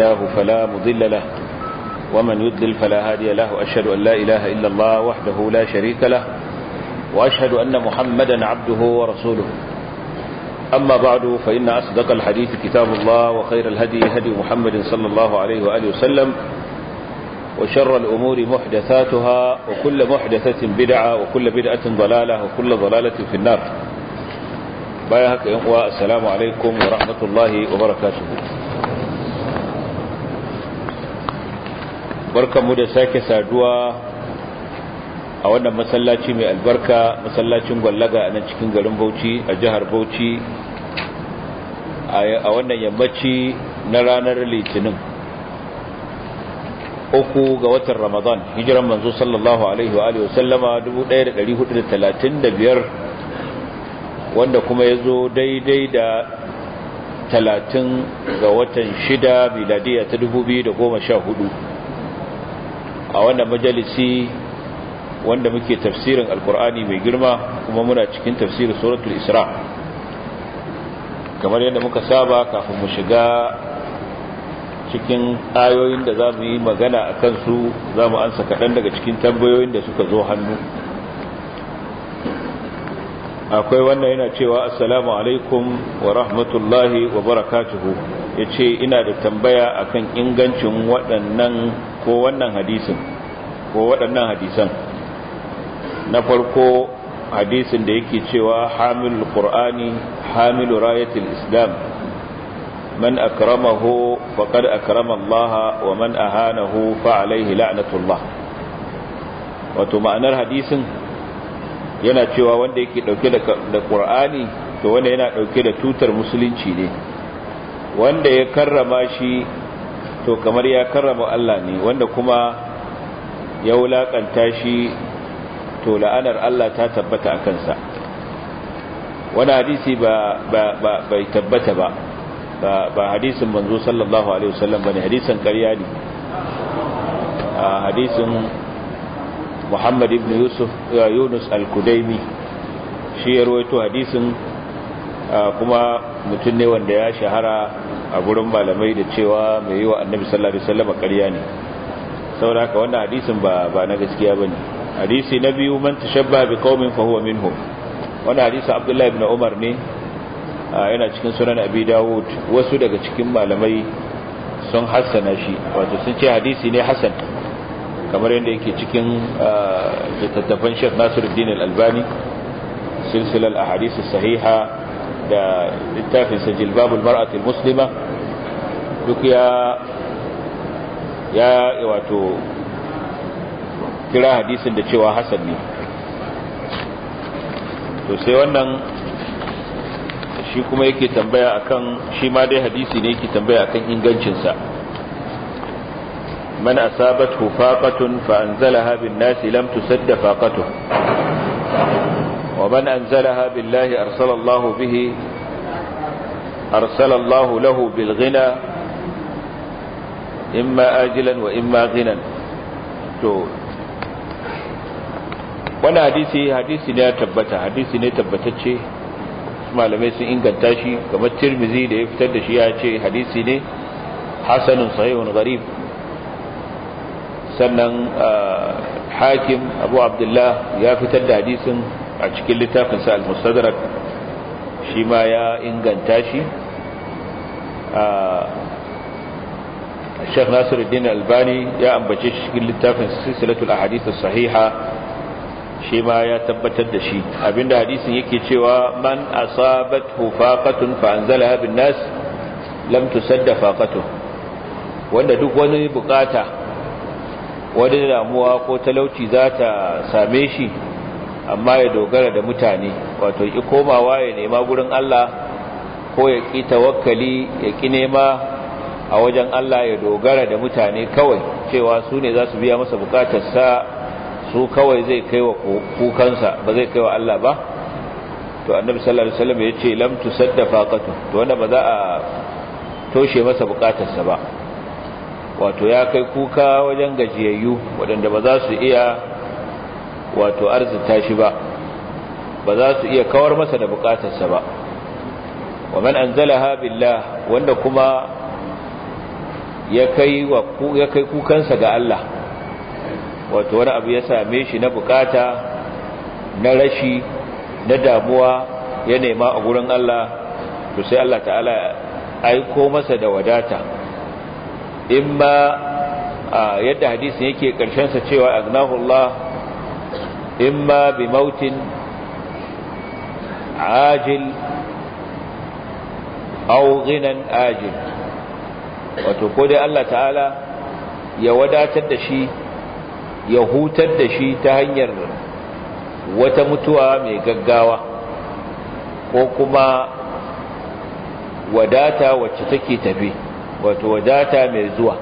الله فلا مضل له ومن يضلل فلا هادي له أشهد أن لا إله إلا الله وحده لا شريك له وأشهد أن محمدا عبده ورسوله أما بعد فإن أصدق الحديث كتاب الله وخير الهدي هدي محمد صلى الله عليه وآله وسلم وشر الأمور محدثاتها وكل محدثة بدعة وكل بدعة ضلالة وكل ضلالة في النار بايهك السلام عليكم ورحمة الله وبركاته barkamu da sake saduwa a wannan masallaci mai albarka masallacin gwallaga a nan cikin garin bauchi a jihar bauchi a wannan yammaci na ranar litinin uku ga watan ramadan hijiran manzo sallallahu alaihi wa alihi wasallama 1435 wanda kuma ya zo daidai da talatin ga watan shida miladiya ta dubu biyu da goma sha hudu a wannan majalisi wanda muke tafsirin alkur'ani mai girma kuma muna cikin tafsirin suratul isra kamar yadda muka saba kafin mu shiga cikin ayoyin da za mu yi magana a kansu za mu ansa kaɗan daga cikin tambayoyin da suka zo hannu akwai wannan yana cewa assalamu alaikum wa rahmatullahi wa barakatuhu ya ce ina da tambaya akan ingancin waɗannan ko wannan hadisin ko waɗannan hadisan na farko hadisin da yake cewa hamilul qur'ani hamilu rayatul islam man akramahu faqad akrama Allah wa man ahanahu fa alayhi la'natullah wato ma'anar hadisin yana cewa wanda yake dauke da qur'ani to wanda yana dauke da tutar musulunci ne wanda ya karrama shi to kamar ya karrama Allah ne wanda kuma ya wulakanta shi to la'anar Allah ta tabbata a kansa wani hadisi ba bai tabbata ba ba hadisin manzo sallallahu alaihi wasallam bane hadisin ƙarya ne ah, hadisin muhammad ibn yusuf yunus al-kudaimi shi ya rawaito hadisin kuma mutum ne wanda ya shahara a gurin malamai da cewa mai yi wa annabi sallallahu alaihi wasallam ƙarya ne saboda haka wannan hadisin ba ba na gaskiya bane hadisi na biyu man tashabba bi qaumin fa huwa minhum wannan hadisi abdullahi ibn umar ne yana cikin sunan abi dawud wasu daga cikin malamai sun hassana shi wato sun ce hadisi ne hasan kamar yadda yake cikin ah, littattafan Sheikh Nasiruddin Al-Albani silsilar ahadith sahiha da littafin sa Jilbabul mar'atul Muslima duk ya ya wato kira hadisin da cewa hasan ne to sai wannan shi kuma yake tambaya akan shi ma dai hadisi ne yake tambaya akan ingancinsa من أصابته فاقة فأنزلها بالناس لم تسد فاقته ومن أنزلها بالله أرسل الله به أرسل الله له بالغنى إما آجلا وإما غنى wani hadisi hadisi ne ya tabbata hadisi ne tabbatacce malamai sun inganta shi kamar tirmizi da ya fitar da shi ya ce hadisi ne Hassanun sahihun sannan ah, hakim abu abdullah ya fitar da hadisin a cikin littafinsa al-mustadrak shi ma ya inganta shi ah, Sheikh Nasiruddin Albani ya ambace shi cikin littafin Silsilatul Ahadith as-Sahiha shi ma ya tabbatar da shi abinda hadisin yake cewa man asabathu faqatun fa anzalaha bin nas lam tusadda faqatuhu wanda duk wani bukata wani damuwa ko talauci za ta same shi amma ya dogara da mutane wato ya komawa ya nema gurin Allah ko ya ƙi tawakkali ya ƙi nema a wajen Allah ya dogara da mutane kawai cewa su ne za su biya masa bukatarsa su kawai zai kai wa kukansa ba zai kai wa Allah ba to annabi sallallahu alaihi wasallam ya ce lam tusaddafa qatu to wanda ba za a toshe masa bukatarsa ba wato ya kai kuka wajen gajiyayyu waɗanda ba za su iya wato arzita shi ba ba za su iya kawar masa da bukatarsa ba wa man anzalaha billah wanda kuma ya kai wa ya kai kukansa ga Allah wato wani abu ya same shi na bukata na rashi na damuwa ya nema a gurin Allah to sai Allah ta'ala aiko masa da wadata a yadda hadisin yake ƙarshensa sa cewa agnahu in imma bi mautin ajil aw ajil wato ko dai Allah ta'ala ya wadatar da shi ya hutar da shi ta hanyar wata mutuwa mai gaggawa ko kuma wadata wacce take tafi wato wadata mai zuwa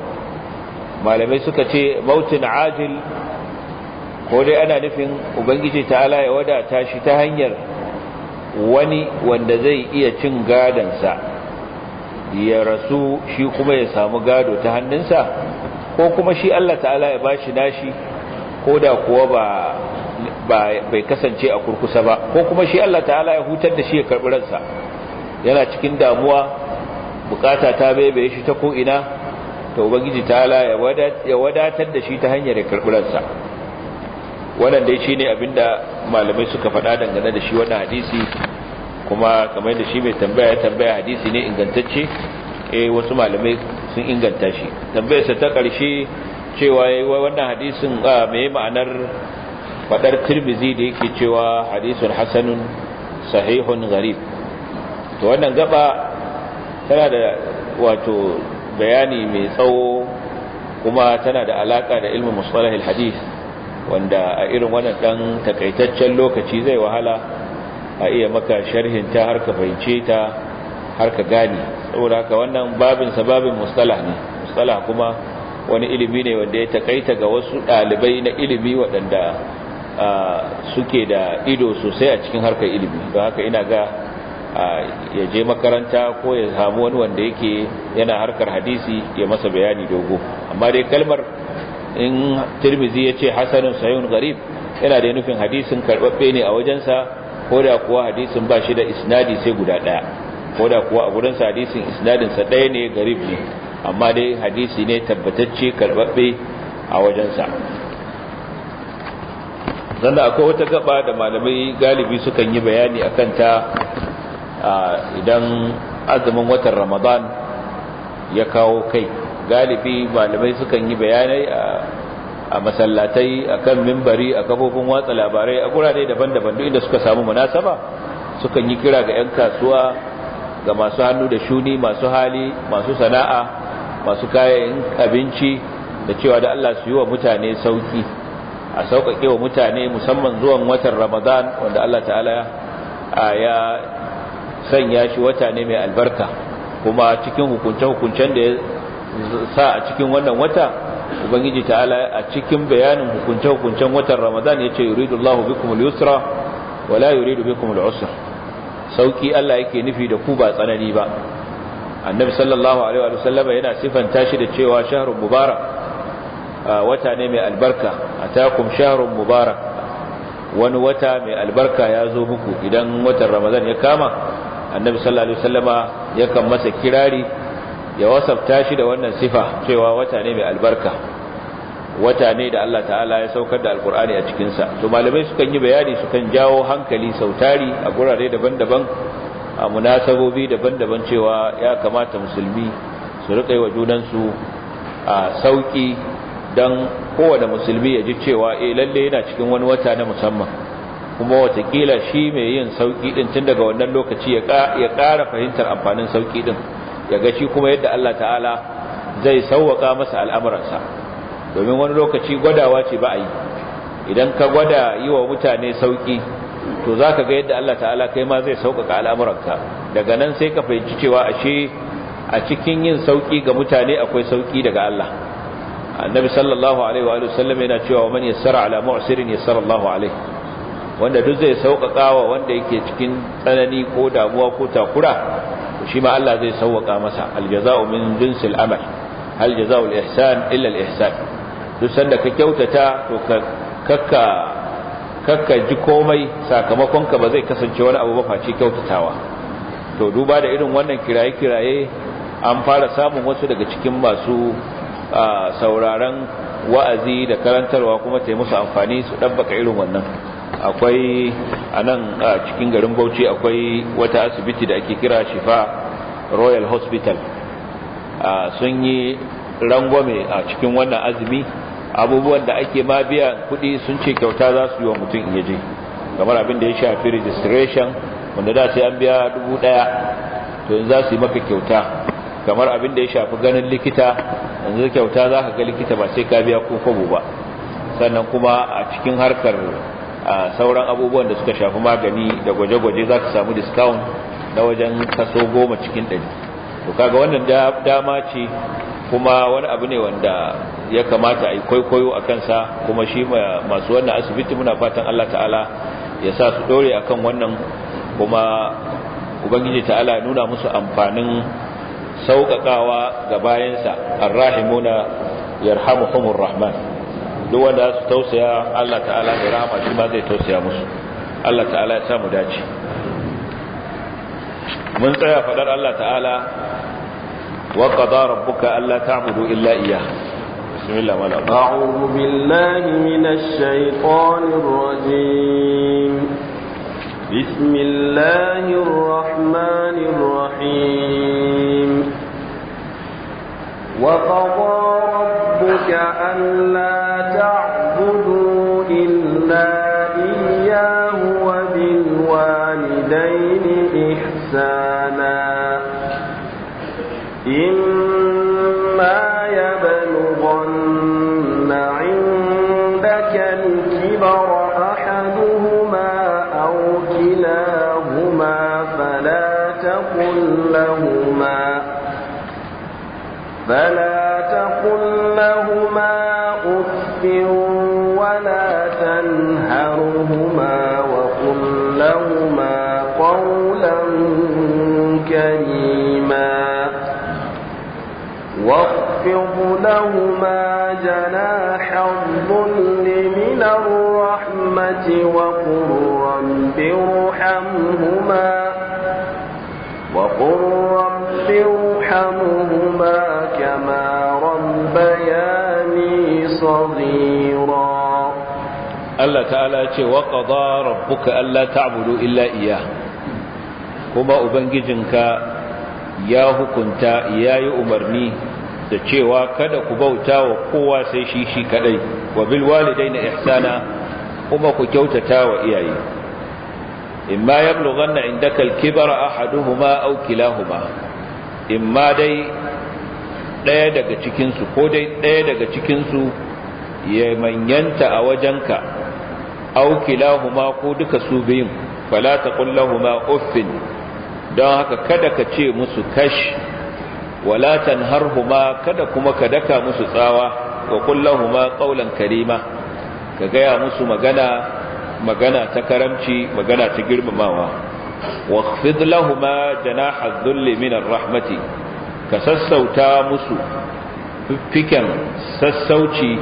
malamai suka ce mautin ajil ko dai ana nufin ubangiji ta'ala ya wadata shi ta hanyar wani wanda zai iya cin gadansa ya rasu shi kuma ya samu gado ta hannunsa ko kuma shi Allah ta'ala ya bashi nashi ko da kuwa ba bai kasance a kurkusa ba ko kuma shi Allah ta'ala ya hutar da shi ya karɓi ransa yana cikin damuwa bukata ta bebe shi ta ko'ina ta ubangiji ala ya wadatar da shi ta hanyar karɓuransa wannan dai shi ne abinda malamai suka faɗa dangane da shi wannan hadisi kuma kamar da shi mai tambaya tambaya hadisi ne ingantacce eh wasu malamai sun inganta shi tambayarsa ta ƙarshe cewa yayi wannan hadisin mai ma'anar fadar tirmizi da yake cewa hadisun hasanun sahihun gharib to wannan gaba tana da wato bayani mai tsawo kuma tana da alaka da ilmin musalahil hadith wanda a irin wannan dan takaitaccen lokaci zai wahala a iya maka sharhin ta har ka fahimce ta har ka gane saboda haka wannan babin sababin mustalah ne musalah kuma wani ilimi ne wanda ya takaita ga wasu dalibai na ilimi waɗanda suke da ido sosai a cikin harkar ilimi don haka ina ga ya je makaranta ko ya samu wani wanda yake yana harkar hadisi ya masa bayani dogo amma dai kalmar in tirmizi ya ce hasanun sayun garib yana da nufin hadisin karɓaɓɓe ne a wajensa ko da kuwa hadisin ba shi da isnadi sai guda ɗaya ko da kuwa a gurinsa hadisin isnadinsa ɗaya ne garib ne amma dai hadisi ne tabbatacce karɓaɓɓe a wajensa zanda akwai wata gaba da malamai galibi sukan yi bayani akan ta idan azumin watan ramadan ya kawo kai galibi malamai sukan yi bayanai a masallatai a kan mimbari a kafofin watsa labarai a gurare daban-daban duk inda suka samu munasaba sukan yi kira ga 'yan kasuwa ga masu hannu da shuni masu hali masu sana'a masu kayan abinci da cewa da Allah su yi wa mutane sauki a sauƙaƙe wa mutane musamman zuwan watan ramadan wanda Allah ta'ala ya sanya shi wata ne mai albarka kuma cikin hukunce-hukuncen da ya sa a cikin wannan wata ubangiji ta'ala a cikin bayanin hukunce-hukuncen watan ramadan ya ce yuridullahu bikum al-yusra wa la yuridu bikum al-usra sauki Allah yake nufi da ku ba tsanani ba annabi sallallahu alaihi wa sallama yana sifanta shi da cewa shahrun mubarak wata ne mai albarka atakum shahrun mubarak wani wata mai albarka ya zo muku idan watan ramadan ya kama annabi sallallahu alaihi wasallama yakan masa kirari ya wasafta shi da wannan sifa cewa wata ne mai albarka wata ne da Allah ta'ala ya saukar da alkur'ani a cikinsa to malamai sukan yi bayani sukan jawo hankali sautari a gurare daban-daban a munasabobi daban-daban cewa ya kamata musulmi su rika yi wa su a sauƙi don kowane musulmi ya ji cewa eh lalle yana cikin wani wata na musamman kuma watakila shi mai yin sauki ɗin tun daga wannan lokaci ya ƙara fahimtar amfanin sauki ɗin ya ga shi kuma yadda Allah ta'ala zai sauwaka masa al'amuransa domin wani lokaci gwadawa ce ba a yi idan ka gwada yi wa mutane sauƙi to za ka ga yadda Allah ta'ala kai ma zai sauƙaƙa al'amuranka daga nan sai ka fahimci cewa a ashe a cikin yin sauƙi ga mutane akwai sauƙi daga Allah annabi sallallahu alaihi wa sallam yana cewa man yassara ala mu'sirin yassara Allahu alaihi wanda duk zai sauƙaƙa wa wanda yake cikin tsanani ko damuwa ko takura shi ma Allah zai sauƙaƙa masa aljaza'u min jinsil amal hal jaza'u al-ihsan illa al-ihsan duk sanda ka kyautata to ka kakka kakka ji komai sakamakon ka ba zai kasance wani abu ba face kyautatawa to duba da irin wannan kiraye kiraye an fara samun wasu daga cikin masu sauraron wa'azi da karantarwa kuma ta yi musu amfani su ɗabbaka irin wannan akwai a nan a cikin garin bauchi akwai wata asibiti da ake kira shifa royal hospital sun yi rangwame a cikin wannan azumi abubuwan da ake ma biya kudi sun ce kyauta za su yi wa mutum iya je kamar abin da ya shafi registration wanda da sai an biya dubu daya to yin za su yi maka kyauta kamar abin da ya shafi ganin likita yanzu kyauta za ka ga likita ba sai ka biya ko kwabo ba sannan kuma a cikin harkar a sauran abubuwan da suka shafi magani da gwaje-gwaje za ka samu discount na wajen kaso goma cikin ɗari to kaga wannan dama ce kuma wani abu ne wanda ya kamata a yi kwaikwayo a kansa kuma shi masu wannan asibiti muna fatan Allah ta'ala ya sa su dore a kan wannan kuma ubangiji ta'ala nuna musu amfanin sauƙaƙawa ga bayansa arrahimuna yarhamuhumur rahman duk wanda su tausaya Allah ta'ala mai rahama shi ba zai tausaya musu Allah ta'ala ya samu dace mun tsaya fadar Allah ta'ala wa qada rabbuka alla ta'budu illa iyyah bismillah wal a'udhu billahi minash shaitanir rajim bismillahir rahmanir rahim wa qada ربك ألا تعبدوا إلا إياه وبالوالدين إحسانا لهما أف ولا تنهرهما وقل لهما قولا كريما واخفض لهما جناح الظل من الرحمة وقل رب ارحمهما وقل رب ارحمهما ta'ala ce wa qada rabbuka alla ta'budu illa iya kuma ubangijinka ya hukunta yayi umarni da cewa kada ku bauta wa kowa sai shi shi kadai wa bil na ihsana kuma ku kyautata wa iyaye imma yablughanna indaka al-kibara ahaduhuma aw kilahuma imma dai daya daga cikin su ko dai daya daga cikin su ya manyanta a wajenka aw kilahuma ko duka su biyun fala taqul lahumu uffin don haka kada ka ce musu kash wala tanharhuma kada kuma ka daka musu tsawa wa qul lahumu qawlan karima ka gaya musu magana magana ta karamci magana ta girmamawa واخفض لهما جناح الذل من ka sassauta musu فكم sassauci.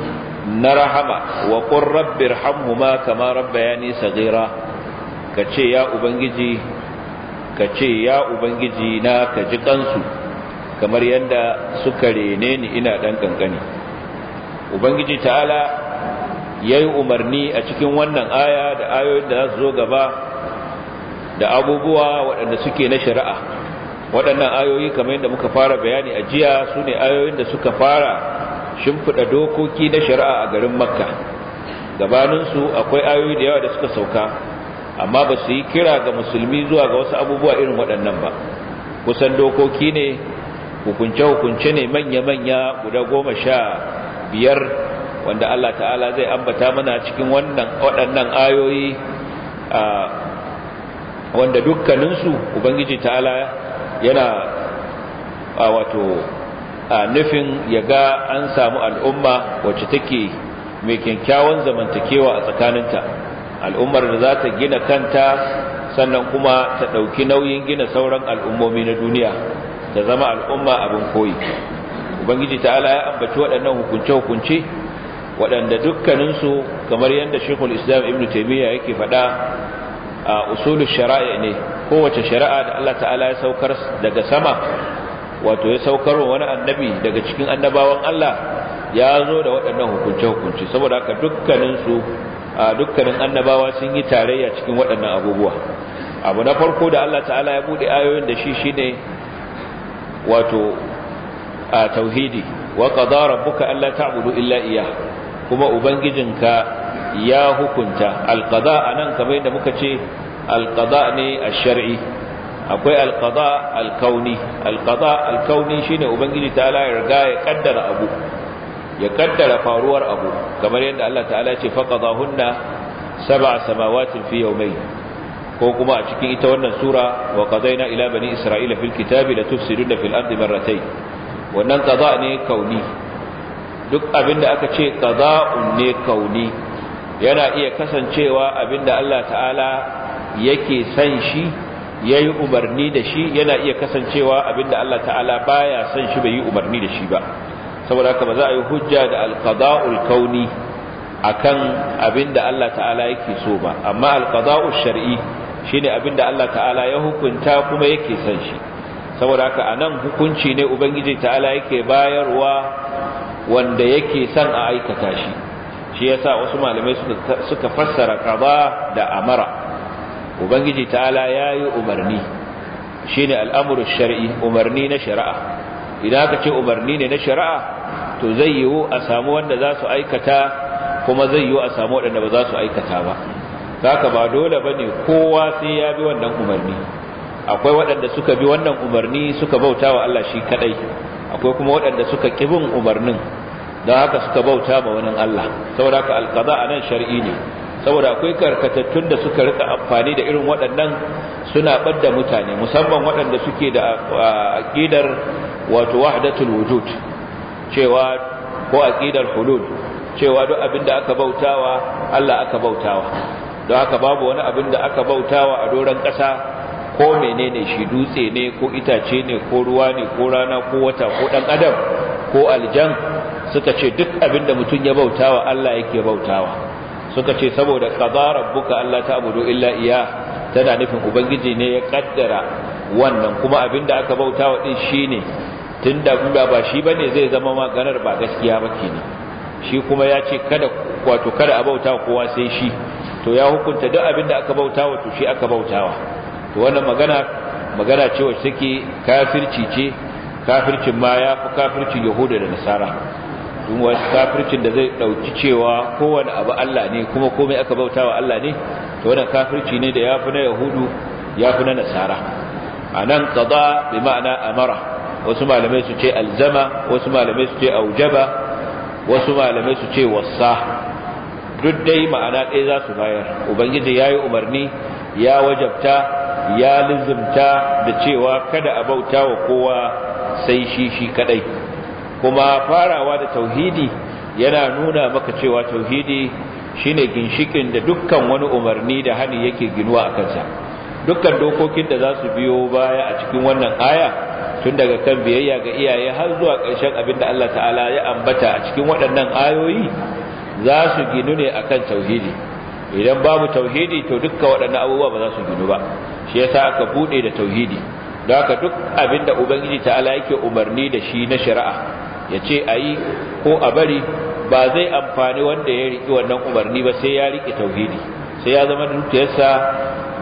na rahama wa qur rabbir hamhuma kama rabbayani saghira kace ya ubangiji kace ya ubangiji na ka ji kansu kamar yadda suka rene ni ina dan kankani ubangiji ta'ala yayi umarni a cikin wannan aya da ayoyin da za su zo gaba da abubuwa waɗanda suke na shari'a waɗannan ayoyi kamar yadda muka fara bayani a jiya su ne ayoyin da suka fara shimfiɗa dokoki na shari'a a garin makka gabaninsu akwai ayoyi da yawa da suka sauka amma ba su yi kira ga musulmi zuwa ga wasu abubuwa irin waɗannan ba kusan dokoki ne hukunce-hukunce ne manya-manya guda goma sha biyar wanda Allah ta'ala zai ambata mana cikin wannan waɗannan ayoyi wanda dukkaninsu ubangiji ta'ala yana wato A nufin ya ga an samu al'umma wacce take mai kyakkyawan zamantakewa a tsakaninta al'ummar da za ta gina kanta sannan kuma ta ɗauki nauyin gina sauran al'ummomi na duniya ta zama al'umma abin koyi ubangiji ta'ala ya ambaci waɗannan hukunce-hukunce waɗanda dukkaninsu kamar yadda shekul islam ibn taimiyya yake faɗa a usulun shari'a ne kowace shari'a da allah ta'ala ya saukar daga sama wato ya saukar wa wani annabi daga cikin annabawan Allah ya zo da waɗannan hukunce-hukunce saboda haka dukkaninsu dukkanin annabawa sun yi tarayya cikin waɗannan abubuwa abu na farko da Allah ta'ala ya buɗe ayoyin da shi shine wato a tauhidi wa qadara rabbuka alla ta'budu illa iyyah kuma ubangijinka ya hukunta a nan kamar yadda muka ce alqada ne a shari'i akwai alqada alkauni alqada alkauni shine ubangiji ta'ala ya riga ya kaddara abu ya kaddara faruwar abu kamar yadda Allah ta'ala ya ce faqadahunna sab'a samawatin fi yawmayn ko kuma a cikin ita wannan sura wa qadaina ila bani isra'ila fil kitabi la tufsiduna fil ardi marratayn wannan kaza ne kauni duk abinda aka ce qada'un ne kauni yana iya kasancewa abinda Allah ta'ala yake san shi ya yi umarni da shi yana iya kasancewa abinda Allah ta'ala baya son shi bai yi umarni da shi ba saboda haka ba za a yi hujja da alqada'ul kauni akan abinda Allah ta'ala yake so ba amma alqada'ul shar'i shine abinda Allah ta'ala ya hukunta kuma yake son shi saboda haka anan hukunci ne ubangiji ta'ala yake bayarwa wanda yake son a aikata shi shi yasa wasu malamai suka fassara qada da amara ubangiji ta'ala yayi umarni ne al'amur shar'i umarni na shari'a idan aka ce umarni ne na shari'a to zai yiwu a samu wanda za su aikata kuma zai yiwu a samu waɗanda ba za su aikata ba haka ba dole ne kowa sai ya bi wannan umarni akwai waɗanda suka bi wannan umarni suka bauta wa Allah shi kaɗai? akwai kuma waɗanda suka ƙibin umarnin don haka suka bauta ma wani Allah saboda haka a anan shar'i ne saboda akwai karkatattun da suka rika amfani da irin waɗannan suna ɓadda mutane musamman waɗanda suke da aƙidar wato wahdatul wujud cewa ko aƙidar hulud cewa duk abin da aka bautawa Allah aka bautawa don haka babu wani abin da aka bautawa a doron ƙasa ko menene shi dutse ne ko itace ne ko ruwa ne ko rana ko wata ko ɗan adam ko aljan suka ce duk abin da mutum ya bautawa Allah yake bautawa suka ce saboda kazarar rabbuka Allah abudu illa iya tana nufin ubangiji ne ya kaddara wannan kuma abinda aka bautawa din shine tunda kuma ba shi bane zai zama maganar ba gaskiya ba kenan shi kuma ya ce kada wato kada a bauta kowa sai shi to ya hukunta duk abin da aka bautawa to shi aka bautawa to wannan magana magana ce wacce take kafirci ce kafircin ma ya fi kafircin yahuda da nasara duk wani kafircin da zai ɗauki cewa kowane abu Allah ne kuma komai aka bauta wa Allah ne to wannan kafirci ne da ya fi na yahudu ya fi na nasara anan qada bi ma'ana amara wasu malamai su ce alzama wasu malamai su ce aujaba wasu malamai su ce Wasa. duk dai ma'ana ɗaya za su bayar ubangiji yayi umarni ya wajabta ya lizimta da cewa kada a wa kowa sai shi shi kaɗai. kuma farawa da tauhidi yana nuna maka cewa tauhidi shine ginshikin da dukkan wani umarni da hani yake ginuwa a kansa dukkan dokokin da za su biyo baya a cikin wannan aya tun daga kan biyayya ga iyaye har zuwa ƙarshen abin da Allah ta'ala ya ambata a cikin waɗannan ayoyi za su ginu ne akan tauhidi idan babu tauhidi to dukkan waɗannan abubuwa ba za su ginu ba shi yasa aka buɗe da tauhidi don haka duk abin da ubangiji ta'ala yake umarni da shi na shari'a ya ce a yi ko a bari ba zai amfani wanda ya riƙi wannan umarni ba sai ya riƙe tauhidi sai ya zama dukiyarsa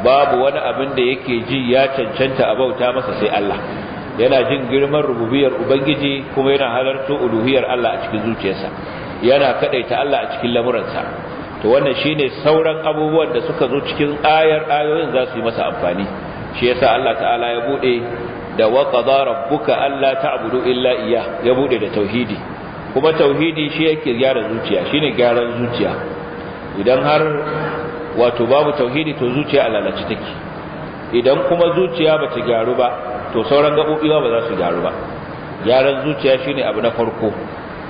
babu wani abin da yake ji ya cancanta a bauta masa sai Allah yana jin girman rububiyar ubangiji kuma yana halarto uluhiyar Allah a cikin zuciyarsa yana kadaita Allah a cikin lamuransa to wannan shine sauran abubuwan da suka zo cikin ayar ayoyin za su yi masa amfani shi yasa Allah ta'ala ya bude da wa qada rabbuka alla ta'budu illa iyyah ya bude da tauhidi kuma tauhidi shi yake gyara zuciya shine gyaran zuciya idan har wato babu tauhidi to zuciya a lalace take idan kuma zuciya bata gyaru ba to sauran gabobi ba za su gyaru ba gyaran zuciya shine abu na farko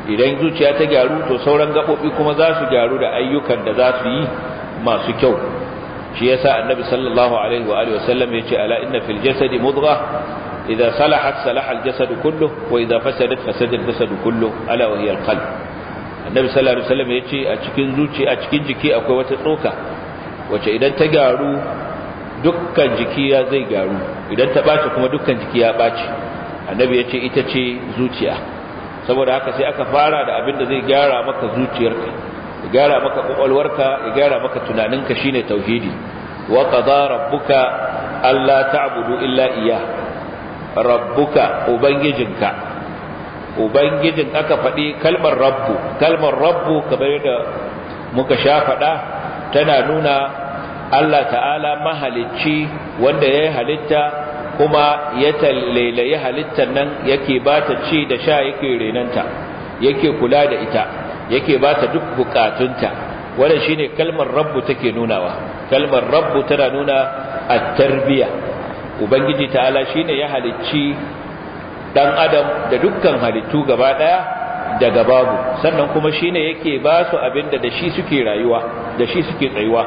idan zuciya ta gyaru to sauran gabobi kuma za su gyaru da ayyukan da za su yi masu kyau shi yasa annabi sallallahu alaihi wa alihi wasallam yace ala inna fil jasadi mudghah إذا صلحت صلح الجسد كله وإذا فسدت فسد الجسد كله ألا وهي القلب النبي صلى الله عليه وسلم يجي أتشكين زوجي أتشكين جكي أكوة تسوكا wace idan ta gyaru dukkan jiki ya zai gyaru idan ta ɓace kuma dukkan jiki ya ɓace annabi ya ce ita ce zuciya saboda haka sai aka fara da abin da zai gyara maka zuciyarka ya gyara maka ƙwaƙwalwarka ya gyara maka tunaninka shine tauhidi wa qada rabbuka alla ta'budu illa iyyah rabbuka ubangijinka ubangijin aka faɗi kalmar rabbu kalmar rabbu kamar yadda muka sha faɗa tana nuna Allah ta'ala mahalicci wanda ya halitta kuma ya tallelaye halittar nan yake ba ta ci da sha yake renanta yake kula da ita yake ba ta duk bukatunta shi shine kalmar rabbu take nunawa kalmar rabbu tana nuna a tarbiyya. ubangiji ta'ala shine ya halicci ɗan adam da dukkan halittu gaba daya daga babu sannan kuma shine yake ba su abinda da shi suke rayuwa da shi suke tsayuwa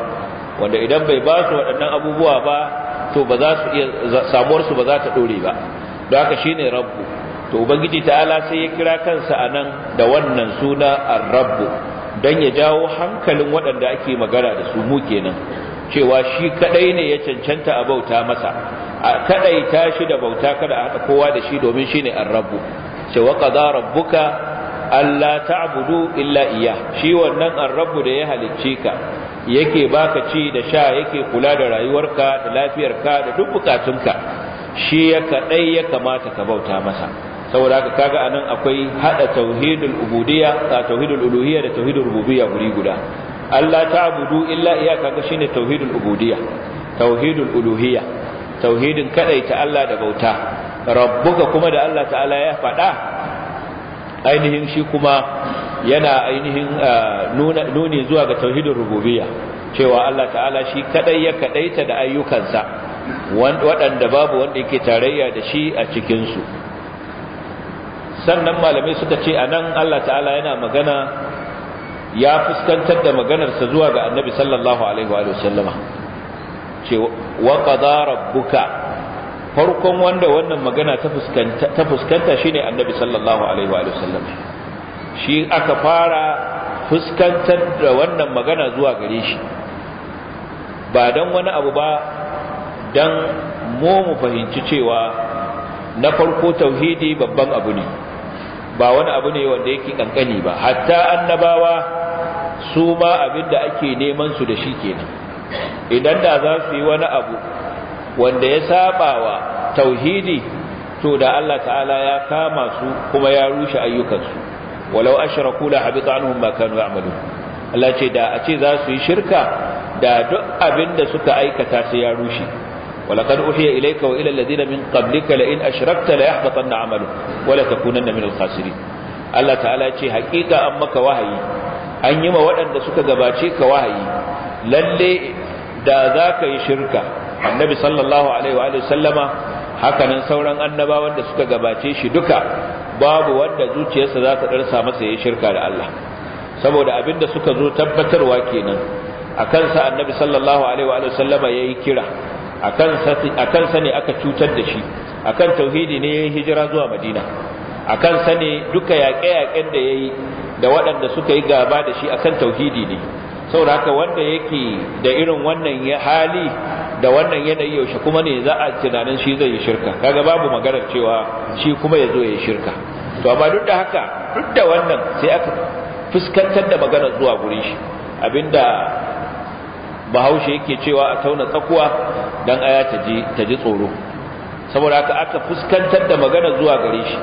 wanda idan bai ba su waɗannan abubuwa ba to ba za su iya samuwar su ba za ta dore ba don haka shine rabbu to ubangiji ta'ala sai ya kira kansa a nan da wannan suna ar-rabbu dan ya jawo hankalin waɗanda ake magana da su mu kenan cewa shi kaɗai ne ya cancanta a bauta masa a kadaita shi da bauta kada a haɗa kowa da shi domin shine ar-rabbu ce wa qada rabbuka alla ta'budu illa iyyah shi wannan ar-rabbu da ya halicci ka yake baka ci da sha yake kula da rayuwarka da lafiyarka da duk bukatunka shi ya kadai ya kamata ka bauta masa saboda haka kaga anan akwai hada tauhidul ubudiyya da tauhidul uluhiyya da tauhidul rububiyya guri guda Allah ta'budu illa iyyaka kaga shine tauhidul ubudiyya tauhidul uluhiyya tauhidin kadai ta Allah da bauta rabbuka kuma da Allah ta'ala ya faɗa ainihin shi kuma yana ainihin ah, nuni zuwa ga tauhidin rububiyya cewa Allah ta'ala shi kadai ya kadaita da ayyukansa waɗanda babu wanda yake tarayya da shi a cikinsu sannan malamai suka ce a nan Allah ta'ala yana magana ya fuskantar da maganarsa zuwa ga annabi sallallahu alaihi wa sallama ce wa qada rabbuka farkon wanda wannan magana ta fuskanta ta fuskanta shine annabi sallallahu alaihi wa sallam shi aka fara fuskantar da wannan magana zuwa gare shi ba dan wani abu ba dan mu mu fahimci cewa na farko tauhidi babban abu ne ba wani abu ne wanda yake kankani ba hatta annabawa su ma abinda ake neman su da shi kenan idan da za su yi wani abu wanda ya saba wa tauhidi to da Allah ta'ala ya kama su kuma ya rushe ayyukansu walau ashraku la habita anhum ma kanu ya'malun Allah ce da a ce za su yi shirka da duk abin da suka aikata sai ya rushe ولقد أوحي إليك وإلى الذين من قبلك لئن أشركت ليحبطن عملك ولا تكونن من الخاسرين Allah ta'ala ce haƙiƙa an maka wahayi an yi ma waɗanda suka gabace ka wahayi lalle da za ka yi shirka annabi sallallahu alaihi wa sallama hakanan sauran annaba wanda suka gabace shi duka babu wanda zuciyarsa za ta ɗarsa masa ya shirka da Allah saboda abin da suka zo tabbatarwa kenan a kansa annabi sallallahu alaihi wa sallama ya yi kira a kansa ne aka cutar da shi a kan tauhidi ne ya yi hijira zuwa madina a kansa ne duka yaƙe-yaƙen da ya yi da waɗanda suka yi gaba da shi a kan tauhidi ne saboda haka wanda yake da irin wannan hali da wannan yanayi yaushe kuma ne za a tunanin shi zai yi shirka kaga babu maganar cewa shi kuma ya zo ya yi shirka to amma duk da haka duk da wannan sai aka fuskantar da maganar zuwa gurin shi abinda bahaushe yake cewa a tauna tsakuwa dan aya ta ji tsoro saboda haka aka fuskantar da maganar zuwa gare shi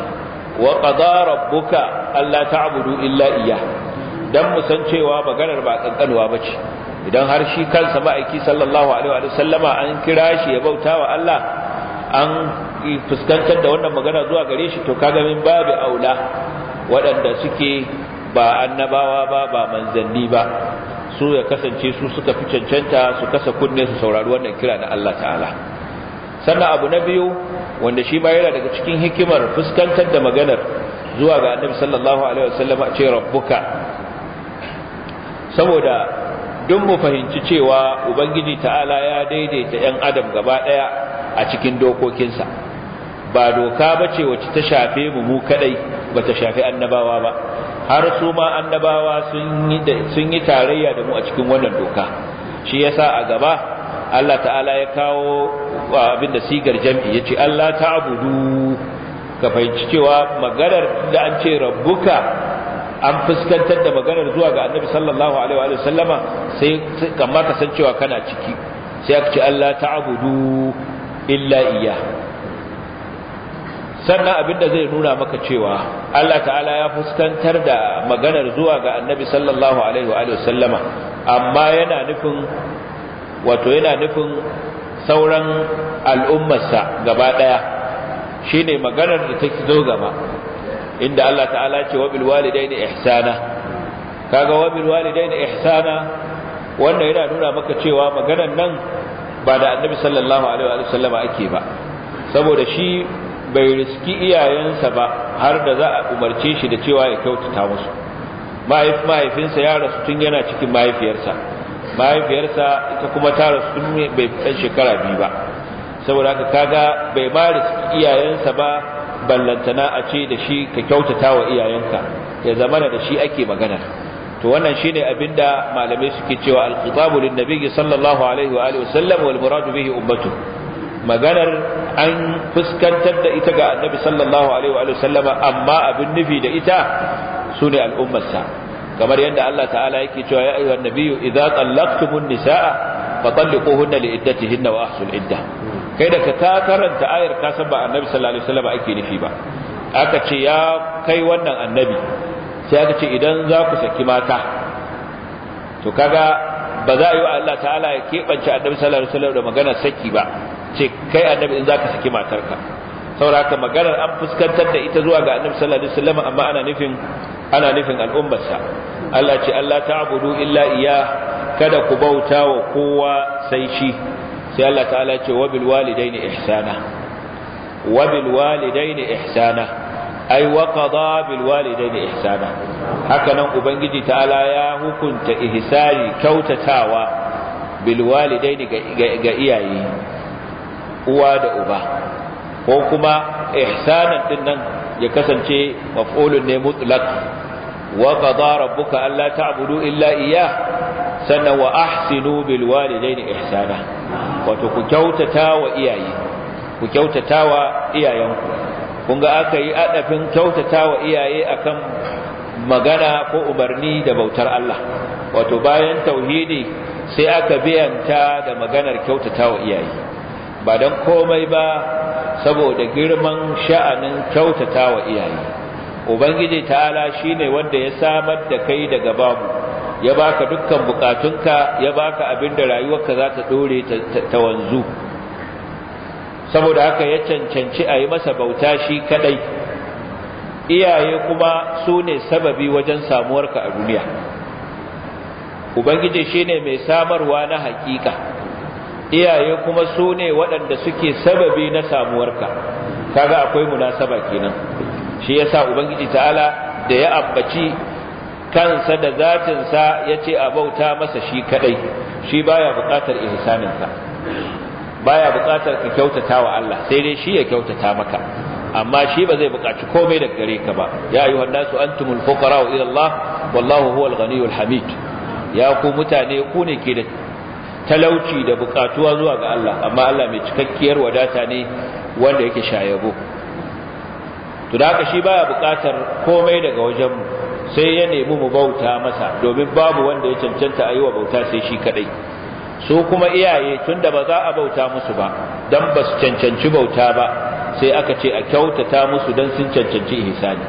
wa qadara rabbuka alla ta'budu illa iyyah dan mu san cewa maganar ba kankanuwa bace idan har shi kansa ma'aiki sallallahu alaihi wa sallama an kira shi ya bauta wa Allah an fuskantar da wannan magana zuwa gare shi to kaga min babu aula waɗanda suke ba annabawa ba ba manzanni ba su ya kasance su suka fi cancanta su kasa kunne su saurari wannan kira na Allah ta'ala sannan abu na biyu wanda shi ma yana daga cikin hikimar fuskantar da maganar zuwa ga annabi sallallahu alaihi wa a ce rabbuka saboda duk mu fahimci cewa ubangiji ta'ala ya daidaita 'yan adam gaba ɗaya a cikin dokokinsa ba doka ba ce wacce ta shafe mu mu kadai ba ta shafi annabawa ba har su ma annabawa sun yi tarayya da mu a cikin wannan doka shi yasa a gaba Allah ta'ala ya kawo abin da sigar jam'i ya ce Allah ta'budu ka fahimci cewa maganar da an ce rabbuka an fuskantar da maganar zuwa ga annabi sallallahu alaihi wa sallama sai kamar ka san cewa kana ciki sai aka ce Allah ta'budu illa iya sannan da zai nuna maka cewa Allah ta'ala ya fuskantar da maganar zuwa ga annabi sallallahu alaihi wa sallama amma yana nufin wato yana nufin sauran al'ummarsa gaba ɗaya shine maganar da take zo gaba inda Allah ta'ala ce wa bil walidaini ihsana kaga wa bil walidaini ihsana wanda yana nuna maka cewa maganar nan ba da annabi sallallahu alaihi wa sallama ake ba saboda shi bai riski iyayensa ba har da za a umarce shi da cewa ya kyautata musu mahaifinsa ya rasu tun yana cikin mahaifiyarsa mahaifiyarsa ita kuma ta rasu tun bai ɗan shekara biyu ba saboda haka kaga bai ma riski iyayensa ba ballantana a ce da shi ka kyautata wa iyayenka ya zama da shi ake magana to wannan shine abinda malamai suke cewa al-khitabu lin nabiyyi sallallahu alaihi wa alihi wasallam wal muradu bihi ummatu maganar an fuskantar da ita ga annabi sallallahu alaihi wa alihi amma abin nufi da ita sune al'ummarsa kamar yadda Allah ta'ala yake cewa ya ayyuhan nabiyyu idza tallaqtumun nisaa fatalliquhunna li iddatihinna wa ahsul iddah kai da ka karanta ayar ka san ba annabi sallallahu alaihi wasallam ake nufi ba aka ce ya kai wannan annabi sai aka ce idan za ku saki mata to kaga ba za a yi wa Allah ta'ala ya keɓance annabi sallallahu alaihi wasallam da magana saki ba ce kai annabi in za ka saki matarka haka maganar an fuskantar da ita zuwa ga annabi sallallahu alaihi wasallam amma ana nufin ana nufin al'ummarsa Allah ce Allah ta'budu illa iya kada ku bauta wa kowa sai shi sai Allah ta'ala ce wa bil walidaini ihsana wa bil walidaini ihsana ai wa qada bil walidaini ihsana haka nan ubangiji ta'ala ya hukunta ihsani kyautatawa bil walidaini ga iyaye uwa da uba ko kuma ihsanan din nan ya kasance maf'ulun ne mutlaq wa qada rabbuka alla ta'budu illa iyyah sannan wa ahsinu bil walidaini ihsana wato ku kyautata wa iyaye ku kyautata wa iyayenku kun ga aka yi adafin kyautata wa iyaye akan magana ko umarni da bautar Allah wato bayan tauhidi sai aka biyanta da maganar kyautata wa iyaye ba dan komai ba saboda girman sha'anin kyautata wa iyaye ubangiji ta'ala shine wanda ya samar da kai daga babu ya baka dukkan bukatunka ya baka abin da rayuwarka za ta dore ta wanzu saboda haka ya cancanci a yi masa bauta shi kadai iyaye kuma su ne sababi wajen samuwarka a duniya ubangiji shi ne mai samarwa na hakika iyaye kuma su ne waɗanda suke sababi na samuwarka kaga akwai munasaba kenan shi yasa ubangiji ta'ala da ya ambaci kansa da zatinsa ya ce a bauta masa shi kadai shi baya buƙatar ihsaninka baya buƙatar ka kyautata wa Allah sai dai shi ya kyautata maka amma shi ba zai buƙaci komai daga gare ka ba ya ayyuhan nasu antumul fuqara ila Allah wallahu huwal ghaniyul hamid ya ku mutane ku ne ke da talauci da buƙatuwa zuwa ga Allah amma Allah mai cikakkiyar wadata ne wanda yake shayabo to da haka shi baya buƙatar komai daga wajenmu sai ya nemi mu bauta masa domin babu wanda ya cancanta a yi wa bauta sai shi kadai su kuma iyaye tunda ba za a bauta musu ba dan ba su cancanci bauta ba sai aka ce a kyautata musu dan sun cancanci ihsani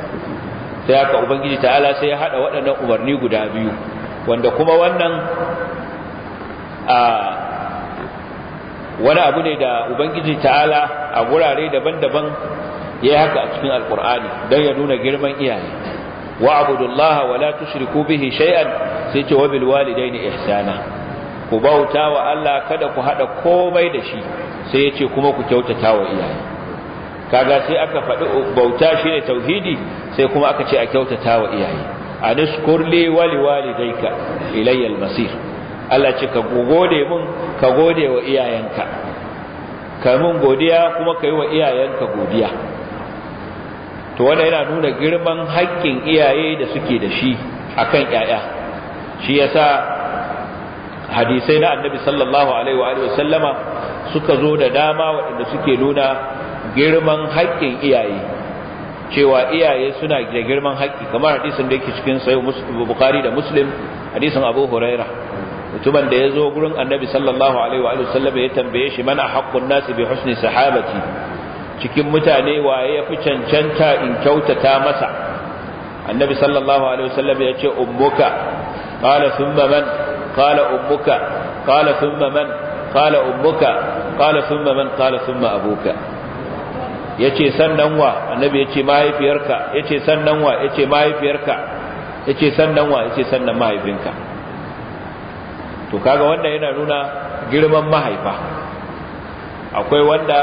sai aka ubangiji ta'ala sai ya hada waɗannan umarni guda biyu wanda kuma wannan a wani abu ne da ubangiji ta'ala a gurare daban-daban ya haka a cikin alkur'ani don ya nuna girman iyaye Wa Allah wa la tushriku bihi shay'an sai ce wa bil walidaini ihsana ku bauta wa Allah kada ku hada komai da shi sai ya ce kuma ku kyautata wa iyaye kaga sai aka faɗi bauta ne tauhidi sai kuma aka ce a kyautata wa iyaye anishkur li wa walidayka ilayya al-masir Allah ce ka gode mun ka gode wa iyayenka ka mun godiya kuma ka yi wa iyayenka godiya to wanda yana nuna girman haƙƙin iyaye da suke da shi akan ƴaƴa shi yasa hadisai na annabi sallallahu alaihi wa alihi sallama suka zo da dama waɗanda suke nuna girman haƙƙin iyaye cewa iyaye suna da girman haƙƙi kamar hadisin da yake cikin sahih bukhari da muslim hadisin abu huraira mutumin da ya zo gurin annabi sallallahu alaihi wa alihi sallama ya tambaye shi mana haƙƙun nasi bi husni sahabati cikin mutane waye ya fi cancanta in kyautata masa annabi sallallahu alaihi wasallam ya ce ummuka qala thumma man qala ummuka qala thumma man qala ummuka qala thumma man qala thumma abuka yace sannan wa annabi yace mahaifiyarka yace sannan wa yace mahaifiyarka yace sannan wa yace sannan mahaifinka to kaga wanda yana nuna girman mahaifa akwai wanda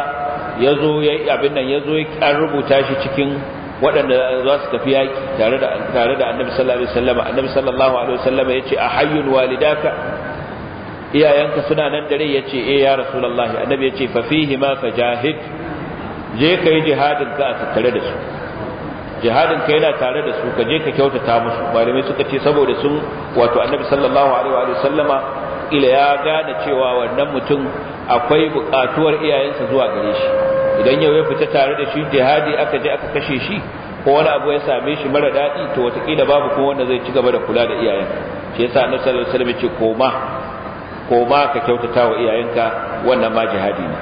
ya zo ya abin nan ya zo an rubuta shi cikin waɗanda za su tafi yaƙi tare da annabi sallallahu alaihi wasallam annabi sallallahu alaihi wasallam ya ce a hayyul walidaka iyayenka suna nan dare ya ce eh ya rasulullahi annabi ya ce fa fihi ma jahid je ka yi jihadin ka a tattare da su jihadin ka yana tare da su ka je ka kyautata musu malamai suka ce saboda sun wato annabi sallallahu alaihi wasallama ila ya gane cewa wannan mutum akwai bukatuwar iyayensa zuwa gare shi idan yau ya fita tare da shi jihadi aka je aka kashe shi ko wani abu ya same shi mara daɗi to watakila babu kuma wanda zai ci gaba da kula da iyayen shi yasa annabi sallallahu alaihi wasallam ce koma koma ka kyautata wa iyayenka wannan ma jihadi ne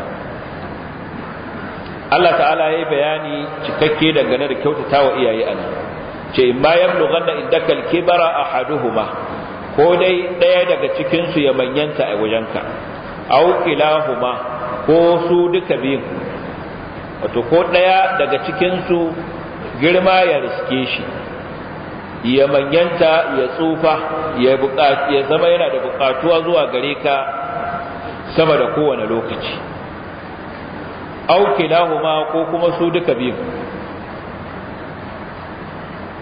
Allah ta'ala ya yi bayani cikakke dangane da kyautata wa iyaye ana ce in ma ganna indaka al-kibara ahaduhuma ko dai daya daga cikin su ya manyanta a wajenka aw kilahuma ko su duka biyun wato ko ɗaya daga cikinsu girma ya riske shi ya manyanta ya tsufa ya zama yana da buƙatuwa zuwa gare ka sama da kowane lokaci auki lahuma ko kuma su duka biyu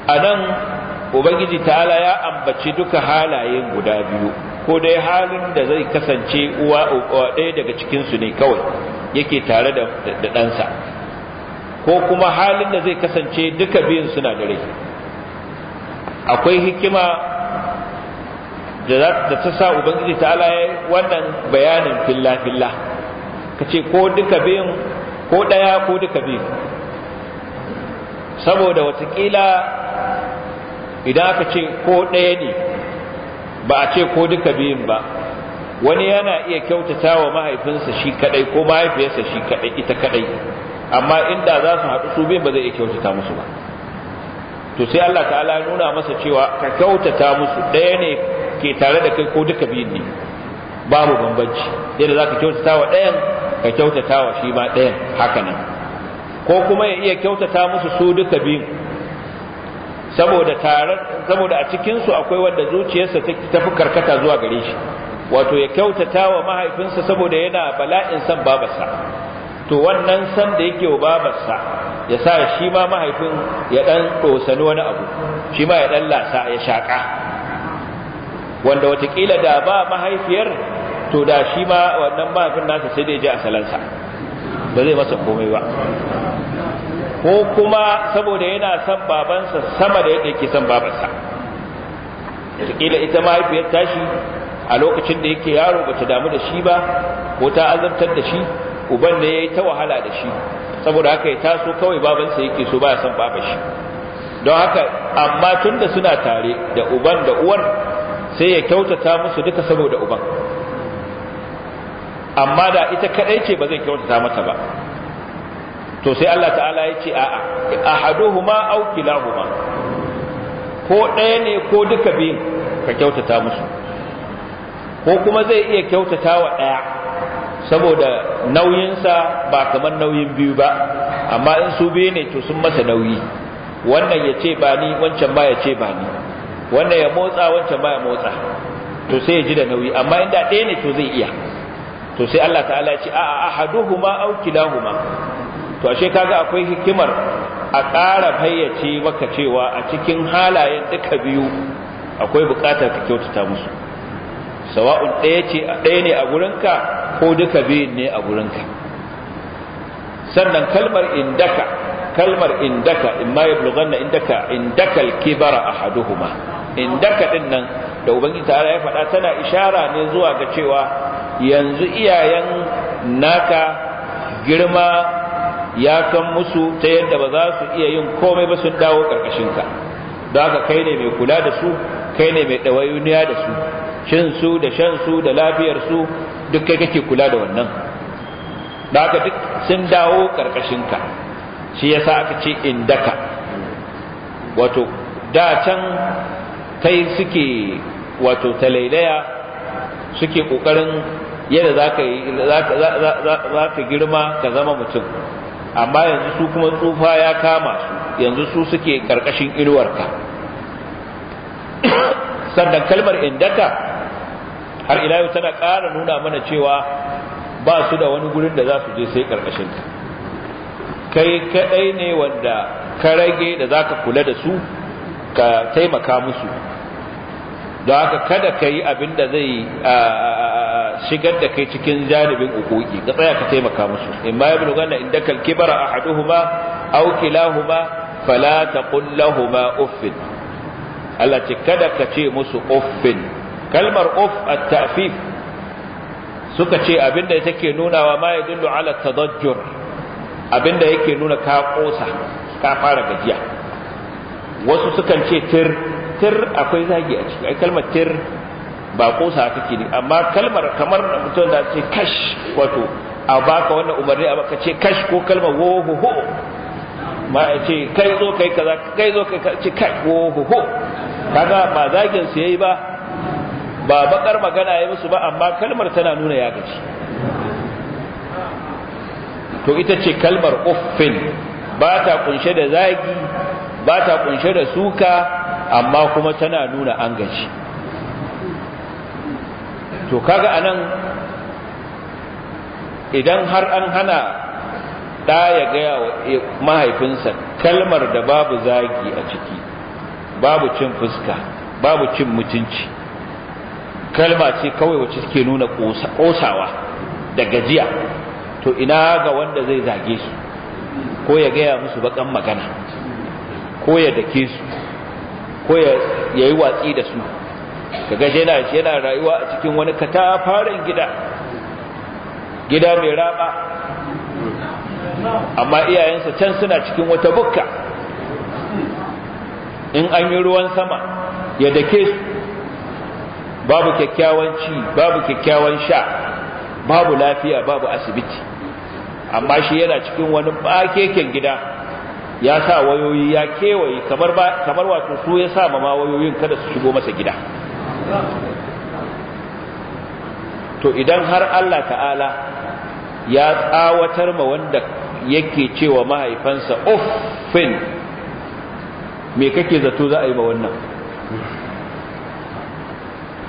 a nan ubangiji ta'ala ya ambaci duka halayen guda biyu ko dai halin da zai kasance uwa ɗaya daga cikinsu ne kawai yake tare da ɗansa ko kuma halin da zai kasance duka biyun suna da rai akwai hikima da ta sa ubangiji ta ya wannan bayanin filla-filla ka ce ko duka biyun ko ɗaya ko duka biyun saboda watakila idan aka ce ko ɗaya ne ba a ce ko duka biyun ba wani yana iya kyautata wa mahaifinsa shi kadai ko mahaifiyarsa shi kadai ita kadai amma inda za su haɗu su biyun ba zai iya kyautata musu ba to sai Allah ta'ala ya nuna masa cewa ka kyautata musu ɗaya ne ke tare da kai ko duka biyun ne babu bambanci yadda za ka kyautata wa ɗayan ka kyautata wa shi ma ɗayan haka nan ko kuma ya iya kyautata musu su duka biyun saboda tare saboda a cikin su akwai wanda zuciyarsa ta fi karkata zuwa gare shi wato ya kyautata wa mahaifinsa saboda yana bala'in san babarsa to wannan san da yake wa babarsa ya sa shi ma mahaifin ya dan ɗosani wani abu shi ma ya dan lasa ya shaka wanda watakila da ba mahaifiyar to da shi ma wannan mahaifin nasa sai da ya ji a salansa ba zai masa komai ba ko kuma saboda yana son babansa sama da yadda yake son babansa wataƙila ita mahaifiyar tashi a lokacin da yake yaro bata damu da shi ba ko ta azabtar da shi uban ne ya yi ta wahala da shi saboda haka ya taso kawai babansa yake so ba son baba shi don haka amma tun da suna tare da uban da uwar sai ya kyautata musu duka saboda uban amma da ita kadai ce ba zai kyautata mata ba to sai Allah ta'ala ya ce a'a ahaduhuma aw kilahuma ko ɗaya ne ko duka biyun ka kyautata musu ko kuma zai iya kyautata wa ɗaya saboda nauyinsa ba kamar nauyin biyu ba amma in su biyu ne to sun masa nauyi wannan ya ce ba ni wancan ba ya ce ba ni wannan ya motsa wancan ba ya motsa to sai ya ji da nauyi amma inda ɗaya ne to zai iya to sai Allah ta'ala ya ce a'a ahaduhuma aw kilahuma to ashe kaga akwai hikimar a ƙara fayyace maka cewa a cikin halayen duka biyu akwai buƙatar ka kyautata musu sawa'un ɗaya ce ɗaya ne a gurinka ko duka biyun ne a gurinka sannan kalmar indaka kalmar indaka in ma yablughanna indaka indaka al-kibara ahaduhuma indaka din nan da ubangi ta ya faɗa tana ishara ne zuwa ga cewa yanzu iyayen naka girma ya kan musu ta yadda ba za su iya yin komai ba sun dawo ka. don haka kai ne mai kula da su kai ne mai ɗawayuniya da su cin su da shan su da lafiyar su duk kai kake kula da wannan da haka duk sun dawo ka shi yasa aka ce indaka wato da can kai suke wato talailaya suke ƙoƙarin yadda za ka girma ka zama mutum amma yanzu su kuma tsufa ya kama su yanzu su suke karkashin inuwarka sannan kalmar indaka har ila yau tana ƙara nuna mana cewa ba su da wani gurin da za su je sai karkashin ka kai kadai ne wanda ka rage da za ka kula da su ka taimaka musu don haka kada ka yi abin da zai shigar da kai cikin janibin uquqi ka tsaya ka taimaka musu imma ibnu ganna indaka al-kibara ahaduhuma aw kilahuma fala taqul lahumā uffin Allah ce kada ka ce musu uffin kalmar uff at-ta'fif suka ce abinda take nunawa ma yadullu ala tadajjur abinda yake nuna ka kosa ka fara gajiya wasu sukan ce tir tir akwai zagi a ciki ai kalmar tir ba kosa kake ne amma kalmar kamar mutum da ce kash wato a baka wannan umarni a baka ce kash ko kalmar wo ho ho ma ce kai zo kai kaza kai zo kai ce kai wo ho ho kaga ba zagin su yayi ba ba bakar magana yayi musu ba amma kalmar tana nuna ya gaci to ita ce kalmar uffin ba ta kunshe da zagi ba ta kunshe da suka amma kuma tana nuna an gaci to kaga anan idan har an hana ɗa ya gaya wa mahaifinsa kalmar da babu zagi a ciki babu cin fuska babu cin mutunci kalma ce kawai wacce suke nuna ƙosawa da gajiya to ina ga wanda zai zage su ko ya gaya musu bakan magana ko ya dake su ko ya yi watsi da su kaga yana yana rayuwa a cikin wani katafaren gida gida mai raba amma iyayensa can suna cikin wata bukka in an yi ruwan sama ya dake babu kyakkyawan ci babu kyakkyawan sha babu lafiya babu asibiti amma shi yana cikin wani bakeken gida ya sa wayoyi ya kewaye kamar wato su ya sa ma wayoyin kada su shigo masa gida to idan har Allah ta'ala ya tsawatar ma wanda yake cewa mahaifansa uffin me kake zato za a yi ba wannan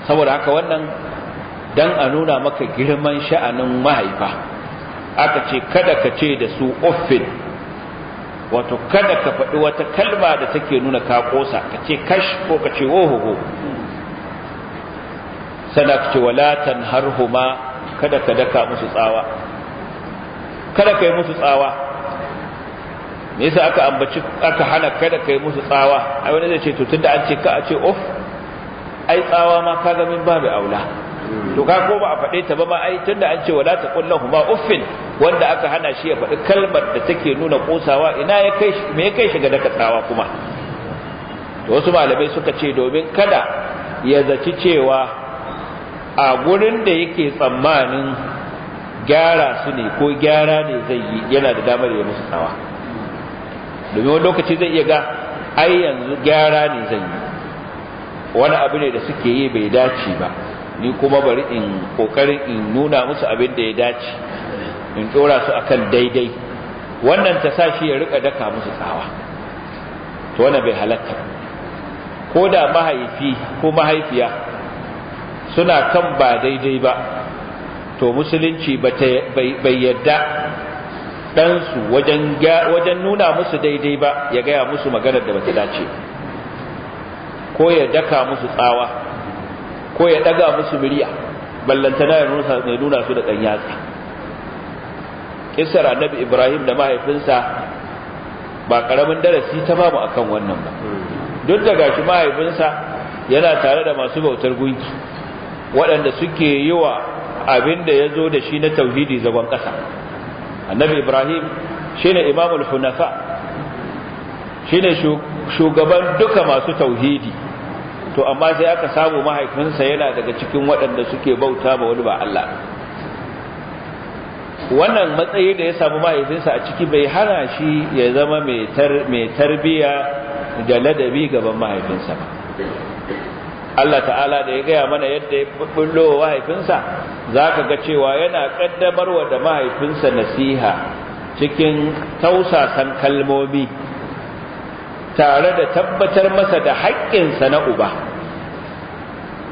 saboda haka wannan dan a nuna maka girman sha'anin mahaifa aka ce kada ka ce da su uffin wato kada ka faɗi wata kalma da take nuna ka ƙosa ka ce kash ko ka ce wohoho sana ce wala huma kada ka daka musu tsawa kada kai musu tsawa me yasa aka ambaci aka hana kada kai musu tsawa ai wani zai ce to tunda an ce ka a ce of ai tsawa ma ga min babu aula to ka ko ba a faɗe ta ba ma ai tunda an ce wala taqullahuma uffin wanda aka hana shi ya faɗi kalmar da take nuna kosawa ina ya kai me ya kai shi ga daka tsawa kuma to wasu malamai suka ce domin kada ya zaci cewa a gurin da yake tsammanin gyara su ne ko gyara ne zai yi yana da damar ya musu tsawa domin wani lokaci zai iya ga ai yanzu gyara ne zai yi wani abu ne da suke yi bai dace ba ni kuma bari in kokarin in nuna musu abin da ya dace in tsora su akan daidai wannan ta sa shi ya rika daka musu tsawa to wannan bai halatta ko da mahaifi ko mahaifiya suna kan ba daidai ba to musulunci bai yadda ɗansu wajen nuna musu daidai ba ya gaya musu maganar da bata dace ko ya daka musu tsawa ko ya daga musu murya ballantana ya nuna su da ɗan yatsa kisar annabi ibrahim da mahaifinsa ba ƙaramin darasi ta babu akan wannan ba duk da gashi mahaifinsa yana tare da masu bautar gunki waɗanda suke yi wa abin da ya zo da shi na tauhidi zagon ƙasa annabi ibrahim shi ne imamul hunafa shi ne shugaban duka masu tauhidi to amma sai aka samu mahaifinsa yana daga cikin waɗanda suke bauta ba wani ba Allah wannan matsayi da ya samu mahaifinsa a ciki bai hana shi ya zama mai tarbiya da ladabi gaban mahaifinsa ba Allah ta'ala da ya gaya mana yadda ya bullo wa haifinsa za ka ga cewa yana ƙaddamarwa da mahaifinsa nasiha cikin tausasan kalmomi tare da tabbatar masa da haƙƙinsa na uba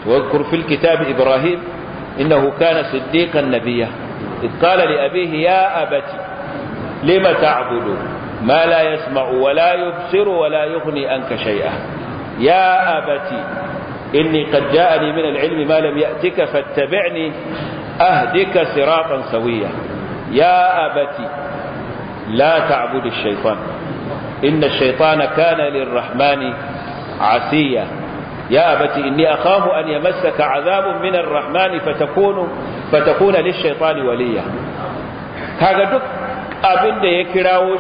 واذكر في الكتاب إبراهيم إنه كان صديقا نبيا إذ قال لأبيه يا أبت لم تعبد ما لا يسمع ولا يبصر ولا يغني عنك شيئا يا أبت إني قد جاءني من العلم ما لم يأتك فاتبعني أهدك صراطا سويا يا أبتي لا تعبد الشيطان إن الشيطان كان للرحمن عسيا يا أبت إني أخاف أن يمسك عذاب من الرحمن فتكون فتكون للشيطان وليا هذا دك abin da ya kirawo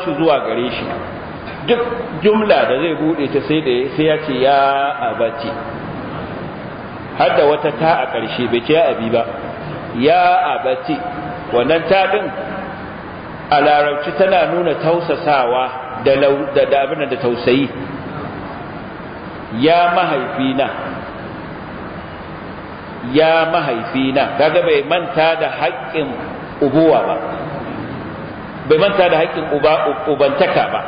دك جملة gare shi سيدي jumla يا أبت hadda wata ta a ƙarshe bai ce abi ba ya abati wannan ta din a larabci tana nuna tausasawa da da abin da tausayi ya mahaifina ya mahaifina kaga bai manta da haƙƙin ubuwa ba bai manta da haƙƙin ubantaka ba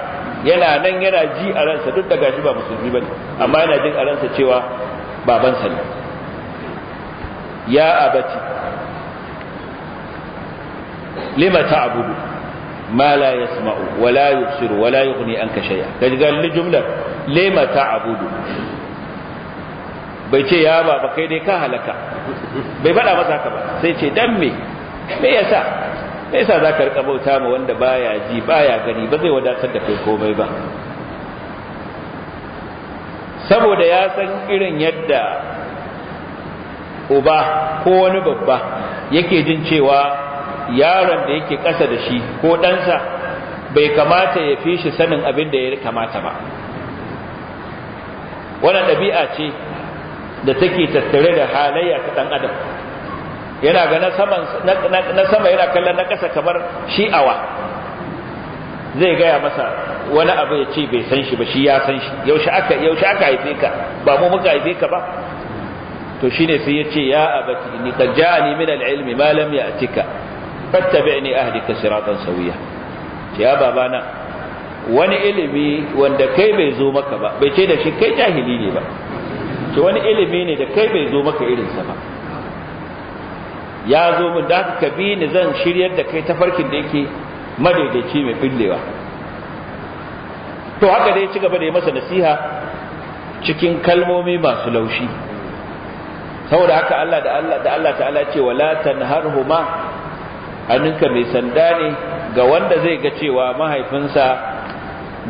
yana nan yana ji a ransa duk da gashi ba musulmi ba amma yana jin a ransa cewa babansa ne ya abati lima ta'budu ma la yasma'u wa la yubsiru wa la yughni anka shay'a kaji galli jumlar lima ta'budu bai ce ya baba kai dai ka halaka bai faɗa masa haka ba sai ce dan me me yasa me yasa zaka rika bauta ma wanda baya ji baya gani ba zai wadatar da kai komai ba saboda ya san irin yadda uba ko wani babba yake jin cewa yaron da yake ƙasa da shi ko ɗansa bai kamata ya fi shi sanin abin da ya kamata ba wannan ɗabi'a ce da take tattare da halayya ta ɗan adam yana ga na sama yana kallon na ƙasa kamar shi'awa zai gaya masa wani abu ya ce bai san shi ba shi ya san shi yaushe aka haife ka ba mu muka haife ka ba to shine sai ya ce ya abati inni qad ni min al-ilmi ma lam ya'tika fattabi'ni ahdika siratan sawiya ce ya babana wani ilimi wanda kai bai zo maka ba bai ce da shi kai jahili ne ba ce wani ilimi ne da kai bai zo maka sa ba ya zo min da haka ka bi ni zan shiryar da kai tafarkin da yake madaidaici mai fillewa to haka dai ci gaba da yi masa nasiha cikin kalmomi masu laushi saboda haka Allah da Allah da Allah ta'ala ce wala tanharhuma aninka mai sanda ne ga wanda zai ga cewa mahaifinsa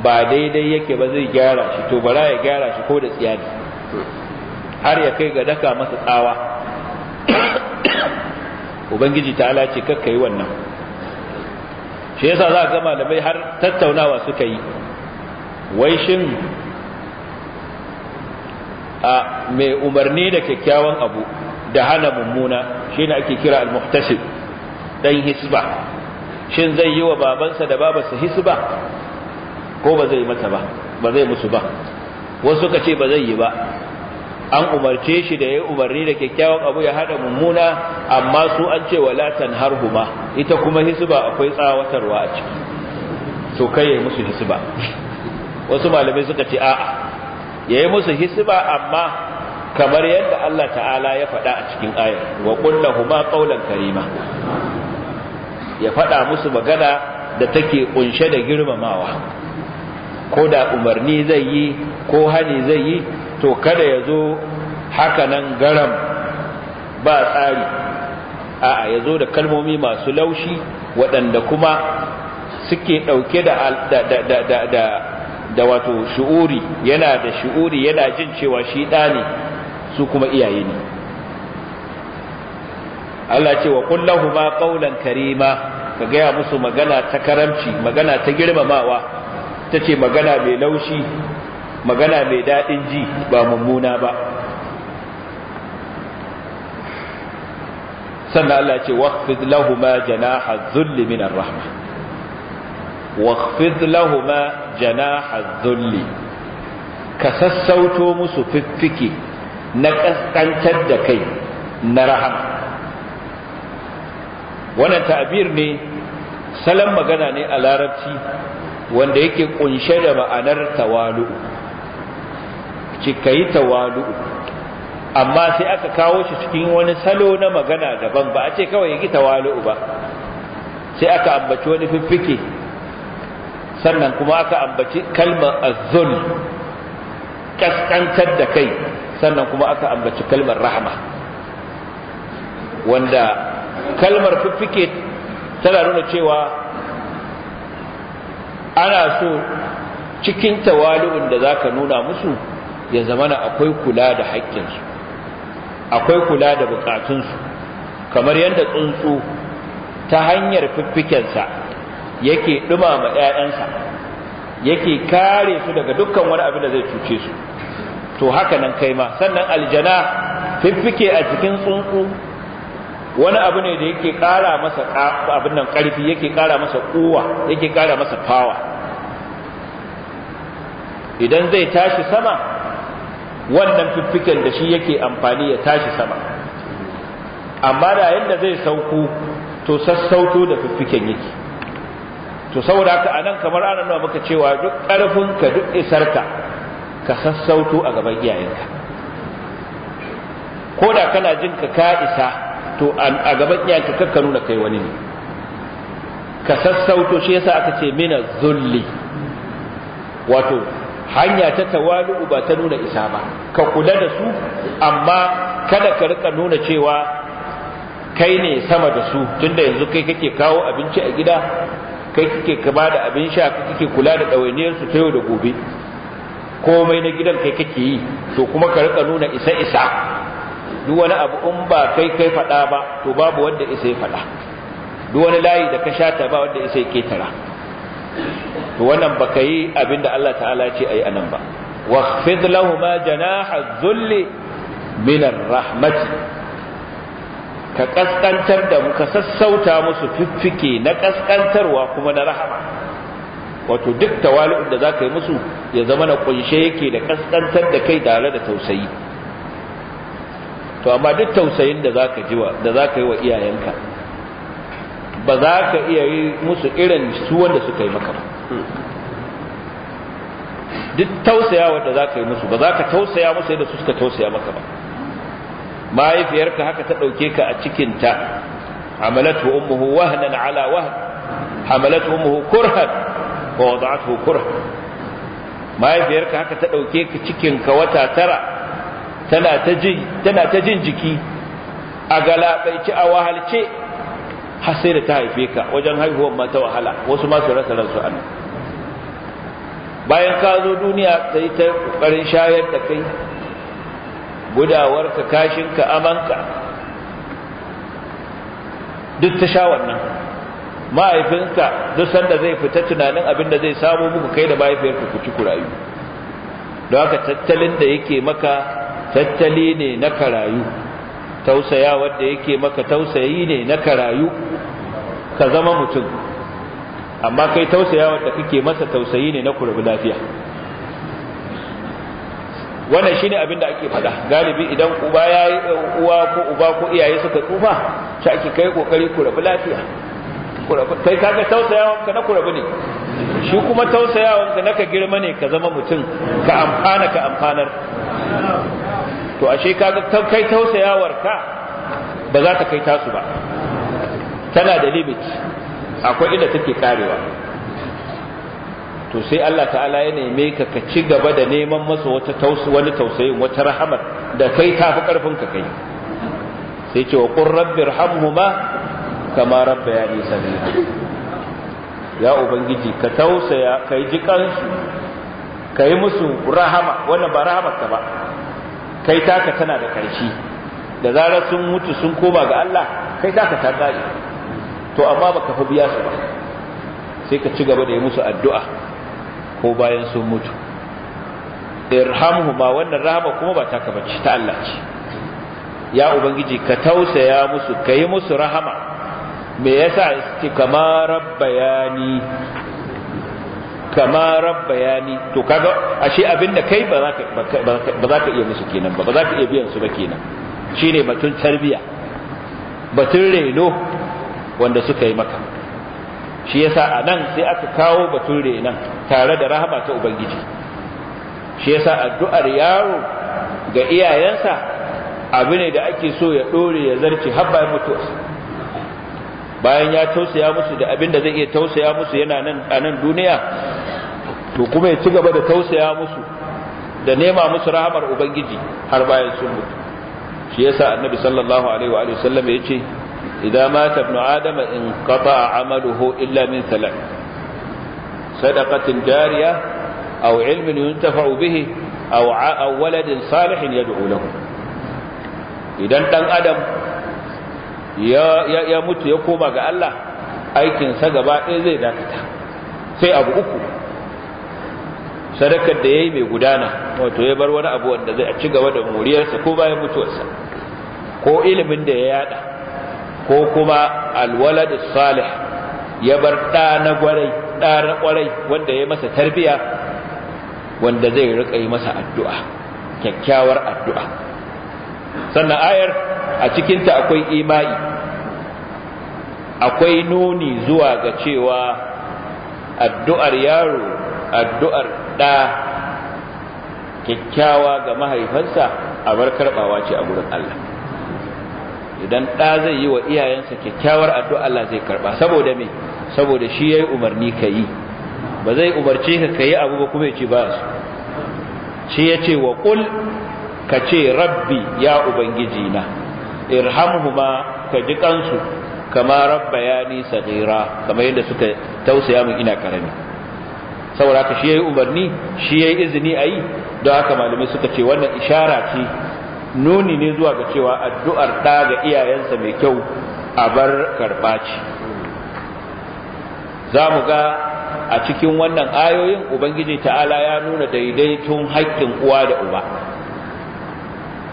ba daidai yake ba zai gyara shi to bara ya gyara shi ko da tsiyani har ya kai ga daka masa tsawa ubangiji ta'ala ce kakka yi wannan shi yasa za ga malamai har tattaunawa suka yi wai shin mai umarni da kyakkyawan abu da hana mummuna ne ake kira al-muhtasib dan hisba shin zai yi wa babansa da babarsa hisba ko ba zai mata ba ba zai musu ba wasu ka ce ba zai yi ba an umarce shi da ya umarni da kyakkyawan abu ya hada mummuna amma su an ce wala harhuma. ita kuma hisba akwai tsawatarwa a ciki to kai musu hisba wasu malamai suka ce a'a Ya yi musu hisiba amma kamar yadda Allah ta'ala ya faɗa a cikin ayar wa qul huma qawlan karima ya faɗa musu magana da take kunshe da girmamawa ko da umarni zai yi ko hani zai yi to kada ya zo haka nan garam ba tsari a'a ya zo da kalmomi masu laushi waɗanda kuma suke ɗauke da da wato shu'uri yana da shu'uri yana jin cewa shi ɗa ne su kuma iyaye ne Allah ce wa kullahu ma qawlan karima ka gaya musu magana ta karamci magana ta girmamawa tace magana mai laushi magana mai daɗin ji ba mummuna ba sannan Allah ce waqfid lahu ma janaha dhulli min rahma واخفض لهما ka sassauto musu fiffike na نقسطنتر da kai na rahama wannan ta'bir ne salon magana ne a larabci wanda yake kunshe da ma'anar tawalu ci kai tawalu amma sai aka kawo shi cikin wani salo na magana daban ba a ce kawai ya yake tawalu ba sai aka ambaci wani fiffike sannan kuma aka ambaci kalmar azzul kaskantar da kai sannan kuma aka ambaci kalmar rahma wanda kalmar fiffike tana nuna cewa ana so cikin tawali'un da zaka nuna musu ya zamana akwai kula da haƙƙinsu akwai kula da buƙatunsu kamar yadda tsuntsu ta hanyar fiffikensa yake dumama 'ya'yansa, yake kare su daga dukkan wani abin da zai cuce su to haka nan kai ma sannan aljana fiffike a cikin tsuntsu wani abu ne da yake kara masa abin nan karfi yake kara masa kowa yake kara masa fawa idan zai tashi sama wannan fiffiken da shi yake amfani ya tashi sama amma da yadda zai sauko to sassauto da fiffiken yake to saboda haka anan kamar ana nuna maka cewa duk ka duk isar ka Ka sassauto a gaban iyayenka ko da kana jin ka ka isa to a gaban iyayenka ka nuna kai wani ne ka sassauto shi yasa aka ce mina zulli wato hanya ta tawalu ba ta nuna isa ba ka kula da su amma kada ka rika nuna cewa kai ne sama da su tunda yanzu kai kake kawo abinci a gida kai kake kama da abin sha kake kula da ɗawainiyar su ta yau da gobe komai na gidan kai kake yi to kuma ka rika nuna isa isa duk wani abu in ba kai kai faɗa ba to babu wanda isa ya faɗa duk wani layi da ka shata ba wanda isa ya ketara to wannan ba ka yi abin da Allah ta'ala ce a yi anan ba واخفض لهما جناح الذل من الرحمه ka kaskantar da mu ka sassauta musu fiffike na kaskantarwa kuma na rahama wato duk tawali'un da za ka yi musu ya zama na kunshe yake da kaskantar da kai tare da tausayi to amma duk tausayin da za ka jiwa da za ka yi wa iyayenka ba za ka iya yi musu irin su wanda suka yi maka ba duk tausaya wanda za ka yi musu ba za ka tausaya musu yadda su suka tausaya maka ba mahaifiyarka haka ta ɗauke ka a cikinta hamalatu ummuhu wahnan ala wahn hamalatu ummuhu kurhan wa wada'atuhu kurhan mahaifiyarka haka ta ɗauke ka cikinka wata tara tana ta jin tana ta jin jiki a galabaici a wahalce har sai da ta haife ka wajen haihuwar ma ta wahala wasu ma su rasa ransu anan bayan ka zo duniya sai ta ƙoƙarin shayar da kai gudawarka kashinka amanka duk ta sha wannan mahaifinka duk sanda zai fita tunanin abin da zai samu muku kai da mahaifiyarka ku ci kurayu don haka tattalin da yake maka tattali ne na karayu tausaya wanda yake maka tausayi ne na karayu ka zama mutum amma kai tausaya wanda kake masa tausayi ne na kurbi lafiya wannan shine abin da ake faɗa galibi idan uba ya yi uwa ko uba ko iyaye suka tsufa shi ake kai kokari ku rabu lafiya ku rabu kai kaga tausayawan ka na ku rabu ne shi kuma tausayawan ka na ka girma ne ka zama mutum ka amfana ka amfanar to ashe kaga kai tausayawar ka ba za ta kai tasu ba tana da limit akwai inda take karewa to sai Allah ta'ala ya neme ka ka ci gaba da neman masa wata tausu wani tausayin wata rahamar da kai tafi karfin ka kai sai ce wa qur rabbirhamhuma kama rabbayani saghira ya ubangiji ka tausaya kai ji kansu kai musu rahama wannan ba rahamar ka ba kai taka tana da ƙarshi da zarar sun mutu sun koma ga Allah kai taka ta gari. to amma baka fi biya su ba sai ka ci gaba da yi musu addu'a ko bayan sun mutu ma wannan rahama kuma ba taka bace ta Allah ce ya ubangiji ka tausaya musu ka yi musu rahama me yasa suke kama rabbayani kama rabbayani to kaga ashe abinda kai ba za ka ba za ka iya musu kenan ba ba za ka iya biyan su ba kenan shine batun tarbiya batun reno wanda suka yi maka shi yasa a nan sai aka kawo batun renan tare da rahama ta ubangiji shi yasa addu'ar yaro ga iyayensa abu ne da ake so ya dore ya zarce har bayan mutuwa bayan ya tausaya musu da abin da zai iya tausaya musu yana nan a nan duniya to kuma ya ci gaba da tausaya musu da nema musu rahamar ubangiji har bayan sun mutu shi yasa annabi sallallahu alaihi wa sallam ya ce idan mata ibn adam in qata amaluhu illa min salat sadaqatin jariya aw ilmin yuntafa'u bihi aw aw waladin salihin yad'u lahu idan dan adam ya ya mutu ya koma ga Allah aikin sa gaba ɗaya zai dakata sai abu uku sadaka da yayi mai gudana wato ya bar wani abu wanda zai ci gaba da muriyarsa ko bayan mutuwarsa ko ilimin da ya yada ko kuma alwalad salih ya bar ɗa na gwarai da na kwarai wanda ya masa tarbiya wanda zai rika yi masa addu'a kyakkyawar addu'a sannan ayar a cikinta akwai imai akwai nuni zuwa ga cewa addu'ar yaro addu'ar ɗa kyakkyawa ga mahaifansa a bar karɓawa ce a gurin Allah idan ɗa zai yi wa iyayensa kyakkyawar addu'a Allah zai karba saboda me saboda shi yayi umarni ka yi ba zai umarce ka ka yi abu ba kuma ya ce ba su shi ya ce wa ƙul ka ce rabbi ya ubangiji na ma ka ji kansu kama rabbayani saghira kamar yadda suka tausaya min ina karami saboda haka shi yayi umarni shi yayi izini ayi don haka malamai suka ce wannan ishara ce nuni ne zuwa ga cewa addu'ar ɗa ga iyayensa mai kyau a bar karɓa za mu ga a cikin wannan ayoyin ubangiji ta'ala ya nuna daidaiton haƙƙin uwa da uba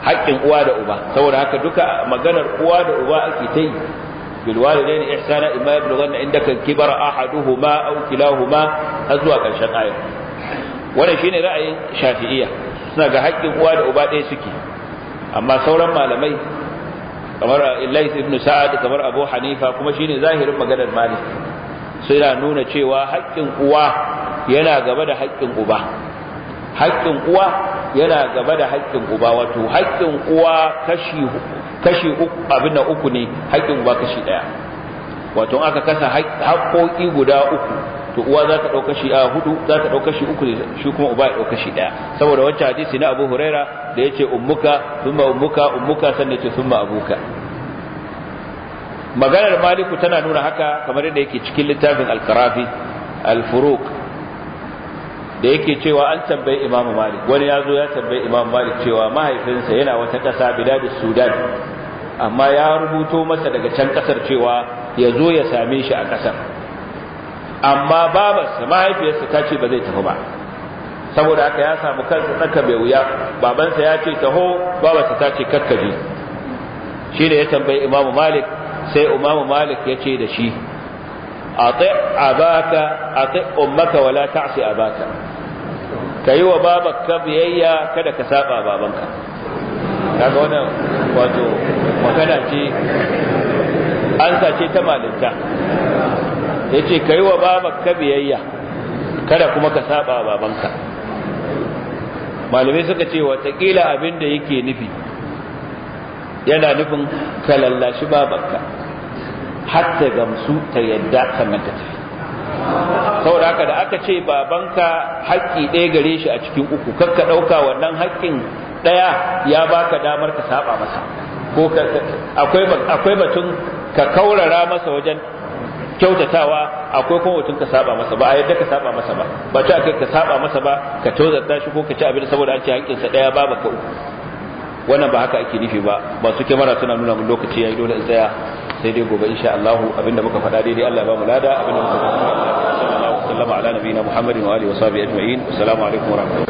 haƙƙin uwa da uba saboda haka duka maganar uwa da uba ake ta yi بالوالدين إحسانا إما يبلغن عندك الكبر har zuwa ƙarshen أزوا Wannan shine ra'ayin shafi'iyya suna ga haƙƙin uwa da uba ɗaya suke amma sauran malamai kamar Lais ibn Sa'ad kamar Abu Hanifa kuma shine zahirin maganar Malik suna nuna cewa haƙƙin uwa yana gaba da haƙƙin uba haƙƙin uwa yana gaba da haƙƙin uba wato haƙƙin uwa kashi kashi uku abin da uku ne haƙƙin uba kashi ɗaya wato aka kasa haƙƙoƙi guda uku to uwa za ta ɗauka shi a hudu za ta ɗauka shi uku shi kuma uba ya ɗauka shi ɗaya saboda wancan hadisi na abu huraira da ya ce ummuka summa ummuka ummuka sannan ce summa abuka maganar maliku tana nuna haka kamar yadda yake cikin littafin alkarafi alfuruk da yake cewa an tambayi imamu malik wani ya zo ya tambayi imamu malik cewa mahaifinsa yana wata ƙasa biladus sudan amma ya rubuto masa daga can ƙasar cewa ya zo ya same shi a ƙasar amma babarsa mahaifiyarsa ta ce ba zai tafi ba saboda haka ya samu kansa tsaka mai wuya babansa ya ce taho babarsa ta ce kakkaje shi ne ya tambayi imamu malik sai imamu malik ya ce da shi ati abaka ati ummaka wala ta'si abaka kayi wa ka biyayya kada ka saba babanka kaga wannan wato magana ce an sace ta malinta yace yi wa ka biyayya kada kuma ka saba babanka malamai suka ce watakila abin da yake nufi yana nufin ka lallashi babanka har ta gamsu ta yadda sannan ta tafi saboda haka da aka ce babanka haƙƙi ɗaya gare shi a cikin uku kakka ɗauka wannan haƙƙin ɗaya ya baka damar ka saba masa ko akwai batun ka kaurara masa wajen kyautatawa akwai kuma mutum ka saba masa ba a yadda ka saba masa ba ba ta kai ka saba masa ba ka tozarta shi ko ka ci abin saboda an ce hakkin sa daya ba ka uku wannan ba haka ake nufi ba ba su kyamara suna nuna mun lokaci yayi dole in tsaya sai dai gobe insha Allah abinda muka faɗa daidai Allah ya ba mu lada abinda muka faɗa sallallahu alaihi wa sallam ala nabiyina Muhammadin wa alihi wa sahbihi ajma'in assalamu alaikum wa rahmatullahi